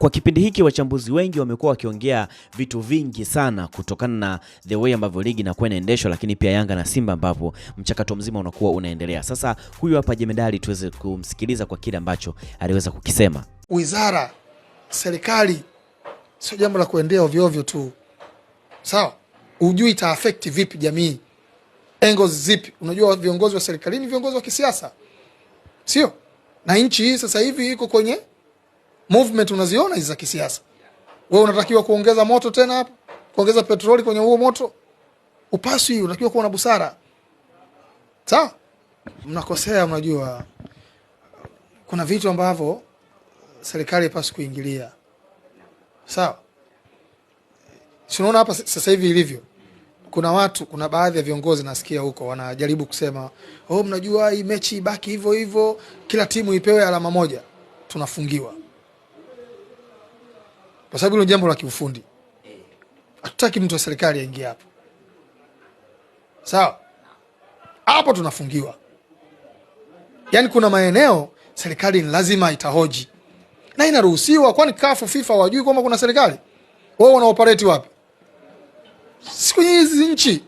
Kwa kipindi hiki wachambuzi wengi wamekuwa wakiongea vitu vingi sana kutokana na the way ambavyo ligi inakuwa inaendeshwa, lakini pia Yanga na Simba ambapo mchakato mzima unakuwa unaendelea. Sasa huyu hapa Jemedari, tuweze kumsikiliza kwa kile ambacho aliweza kukisema. Wizara, serikali sio jambo la kuendea ovyo ovyo tu, sawa? Hujui affect vipi jamii, angles zipi. Unajua viongozi wa serikalini, viongozi wa kisiasa, sio? Na nchi hii sasa hivi iko kwenye movement unaziona hizi za kisiasa. Wewe unatakiwa kuongeza moto tena hapo, kuongeza petroli kwenye huo moto upaswi, unatakiwa kuwa na busara. Sawa, mnakosea. Unajua kuna vitu ambavyo serikali ipaswi kuingilia. Sawa, tunaona hapa sasa hivi ilivyo kuna watu kuna baadhi ya viongozi nasikia huko wanajaribu kusema oh, mnajua hii mechi ibaki hivyo hivyo, kila timu ipewe alama moja, tunafungiwa kwa sababu hilo jambo la kiufundi. Hatutaki mtu wa serikali aingie hapo, sawa? Hapo tunafungiwa. Yaani kuna maeneo serikali ni lazima itahoji na inaruhusiwa, kwani kafu FIFA wajui kwamba kuna serikali? Wao wana operate wapi? Siku hizi nchi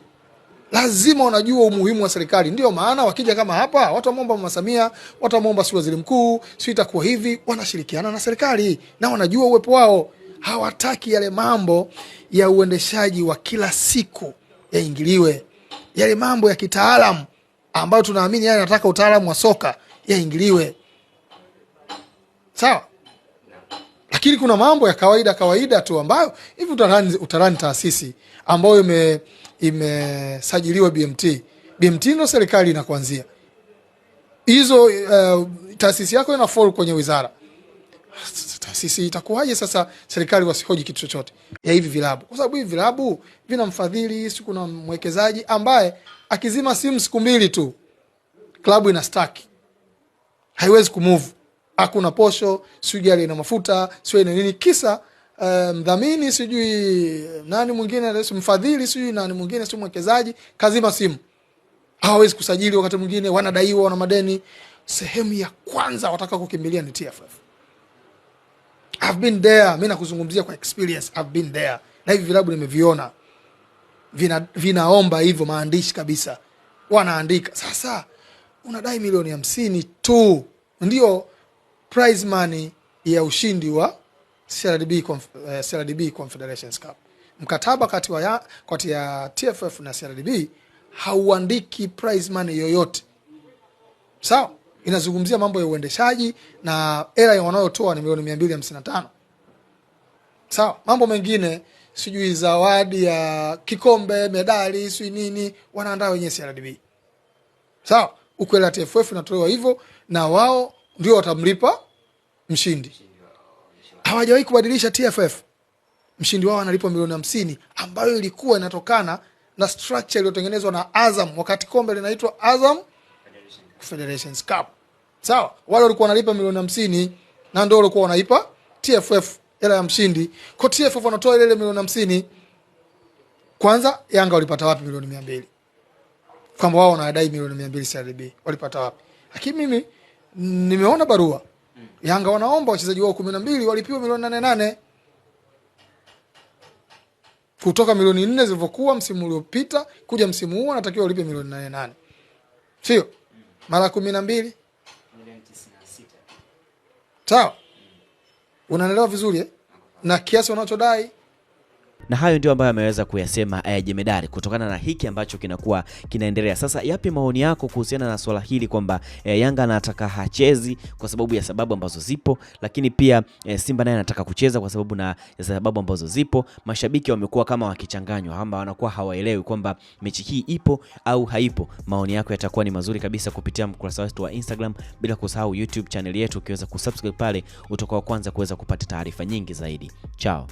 lazima wanajua umuhimu wa serikali. Ndio maana wakija kama hapa, watu wamwomba mama Samia, watu wamwomba si waziri mkuu, si itakuwa hivi, wanashirikiana na serikali na wanajua uwepo wao hawataki yale mambo ya uendeshaji wa kila siku yaingiliwe, yale mambo ya kitaalamu ambayo tunaamini yeye anataka utaalamu wa soka yaingiliwe, sawa. Lakini kuna mambo ya kawaida kawaida tu ambayo hivi utarani, utarani taasisi ambayo imesajiliwa ime BMT BMT ndo serikali inakuanzia hizo. Uh, taasisi yako ina fall kwenye wizara sisi itakuwaje sasa serikali wasihoji kitu chochote ya hivi vilabu, kwa sababu hivi vilabu vina mfadhili, si kuna mwekezaji ambaye akizima simu siku mbili tu klabu ina staki, haiwezi kumove. Hakuna posho, sijui gari ina mafuta, sijui ina nini, kisa eh, mdhamini um, sijui eh, nani mwingine, mfadhili sijui nani mwingine, sijui mwekezaji kazima simu, hawawezi kusajili. Wakati mwingine wanadaiwa, wana madeni. Sehemu ya kwanza wataka kukimbilia ni TFF. I've been there. Mimi nakuzungumzia kwa experience, I've been there, na hivi vilabu nimeviona vina, vinaomba hivyo maandishi kabisa, wanaandika sasa, unadai milioni hamsini tu ndio prize money ya ushindi wa CRDB, Conf, uh, eh, CRDB Confederations Cup. Mkataba kati ya, kati ya TFF na CRDB hauandiki prize money yoyote, sawa? inazungumzia mambo ya uendeshaji na hela wanayotoa ni milioni mia mbili hamsini na tano. Sawa, mambo mengine sijui zawadi ya kikombe, medali, sijui nini wanaandaa wenyewe CRDB. Sawa, ukweli la TFF inatolewa hivyo na wao ndio watamlipa mshindi. Hawajawahi kubadilisha TFF. Mshindi wao analipwa milioni hamsini ambayo ilikuwa inatokana na structure iliyotengenezwa na Azam wakati kombe linaitwa Azam Confederations Cup. Sawa? Wale walikuwa wanalipa milioni hamsini na ndio walikuwa wanaipa TFF hela ya mshindi. Kwa TFF wanatoa ile milioni hamsini. Kwanza Yanga walipata wapi milioni 200? Kwamba wao wanadai milioni 200 CRB. Walipata wapi? Lakini mimi nimeona barua. Yanga wanaomba wachezaji wao 12 walipiwe milioni 88 kutoka milioni nne zilivyokuwa msimu uliopita kuja msimu huu anatakiwa ulipe milioni nane nane, sio? mara kumi na mbili sawa. Unaelewa vizuri eh? na kiasi unachodai na hayo ndio ambayo ameweza kuyasema eh, Jemedari kutokana na hiki ambacho kinakuwa kinaendelea sasa. Yapi maoni yako kuhusiana na swala hili kwamba eh, Yanga anataka hachezi kwa sababu ya sababu ambazo zipo, lakini pia eh, Simba naye anataka kucheza kwa sababu na sababu ambazo zipo. Mashabiki wamekuwa kama wakichanganywa, kwamba wanakuwa hawaelewi kwamba mechi hii ipo au haipo. Maoni yako yatakuwa ni mazuri kabisa kupitia mkurasa wetu wa Instagram, bila kusahau YouTube channel yetu. Ukiweza kusubscribe pale, utakuwa wa kwanza kuweza kupata taarifa nyingi zaidi. Chao.